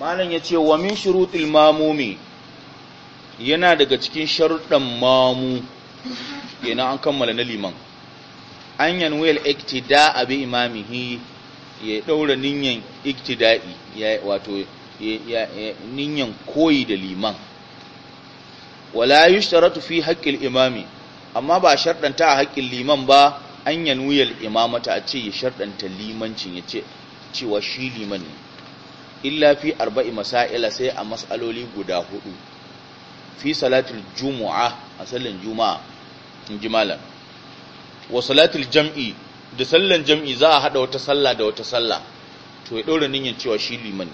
malam ya ce wa min shurutul mamumi yana daga cikin sharuɗan mamu yana an kammala na liman an yanwel iktida abi imamihi ya ɗaura ninyan iktida'i ya wato ninyan koyi da liman wala sharatu fi haƙƙin imami amma ba sharɗanta a haƙƙin liman ba an yanwel imamata a ce ya sharɗanta limancin ya ce cewa shi liman ne illa fi arba'i masaila sai a mas'aloli guda hudu fi salatul jumu'a a sallan juma'a in ji malam wa salatul jam'i da sallan jam'i za a hada wata sallah da wata sallah to ya daura niyyar cewa shi liman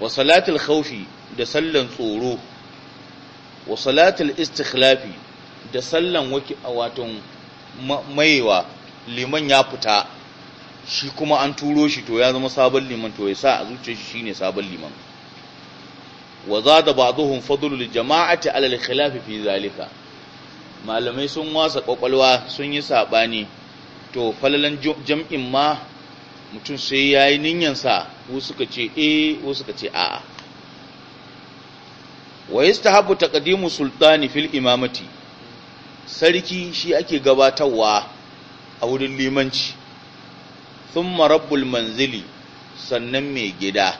wa salatul khawfi da sallan tsoro wa salatul istikhlafi da sallan waki a watan maiwa liman ya fita shi kuma an turo shi to ya zama sabon liman to ya sa a zuciyar shi shine sabon liman wa da ba'dhum fadlu lil jama'ati ala al fi zalika malamai sun wasa kwakwalwa sun yi sabani to falalan jam'in ma mutum sai yayi ninyan sa wasu suka ce eh wasu suka ce a'a wa yastahabu taqdimu sultani fil imamati sarki shi ake gabatarwa a wurin limanci thumma rabbul manzili sannan mai gida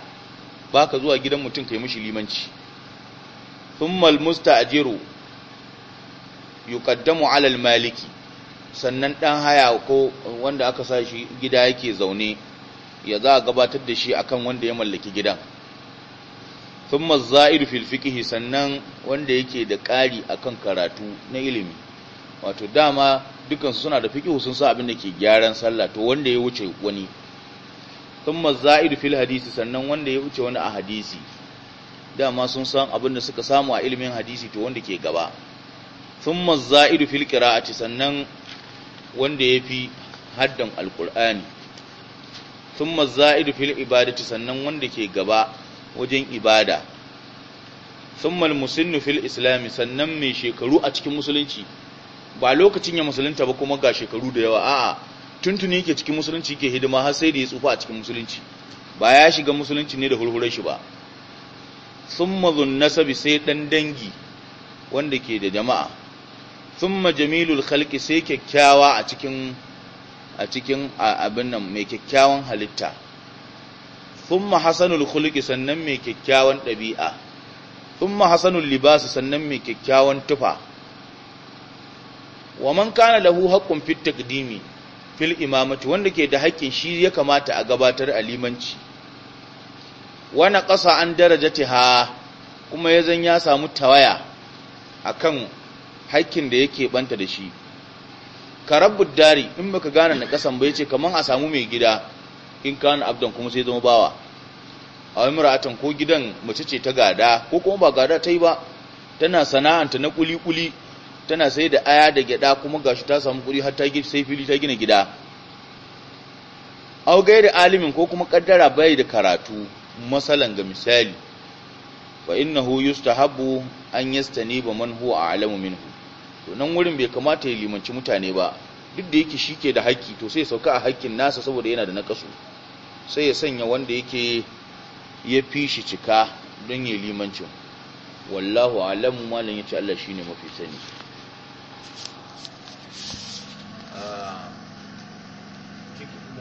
baka zuwa gidan mutum kai mishi limanci thumma almusta'jiru yuqaddamu ala almaliki sannan dan haya ko wanda aka sa shi gida yake zaune ya za a gabatar da shi akan wanda ya mallaki gidan thumma az-za'id fil fiqh sannan wanda yake da ƙari akan karatu na ilimi wato dama dukansu suna da fiƙi sun sa abin da ke gyaran sallah to wanda ya wuce wani thumma za'id fil hadisi sannan wanda ya wuce wani a hadisi dama sun san abin da suka samu a ilimin hadisi to wanda ke gaba thumma za'id fil qira'ati sannan wanda yafi haddan alqur'ani thumma za'id fil ibadati sannan wanda ke gaba wajen ibada thumma al musinnu fil islam sannan mai shekaru a cikin musulunci ba lokacin ya musulunta ba kuma ga shekaru da yawa a'a tuntuni yake cikin musulunci yake hidima har sai da ya tsufa a cikin musulunci ba ya shiga musulunci ne da hurhura shi ba thumma dhun nasabi sai dan dangi wanda ke da jama'a thumma jamilul khalqi sai kyakkyawa a cikin a cikin abin nan mai kyakkyawan halitta thumma hasanul khuluqi sannan mai kyakkyawan dabi'a thumma hasanul libas sannan mai kyakkyawan tufa wa man kana lahu haqqun fit taqdimi fil imamati wanda ke da haƙƙin shi ya kamata a gabatar alimanci. limanci wa an an darajatiha kuma ya zan ya samu tawaya akan haƙƙin da yake banta da shi karabud dari in baka gane na kasan bai ce kaman a samu mai gida in kana abdan kuma sai zama bawa a wani mura'atan ko gidan mace ce ta gada ko kuma ba gada ta yi ba tana sana'anta na kuli-kuli tana sai da aya da gyada kuma gashi ta samu kuɗi har ta sai fili ta gina gida au da alimin ko kuma kaddara bai da karatu masalan ga misali fa innahu yustahabu an ba man huwa a'lamu minhu to nan wurin bai kamata ya limanci mutane ba duk da yake shike da haƙƙi to sai ya sauka a haƙƙin nasa saboda yana da nakasu sai ya sanya wanda yake ya fi shi cika don ya limancin wallahu alamu malam yace Allah shine mafi sani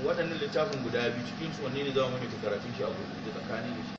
waɗannan littafin guda biyu cikin su wanne ne za mu nufi karatun shi a gudu da tsakanin da shi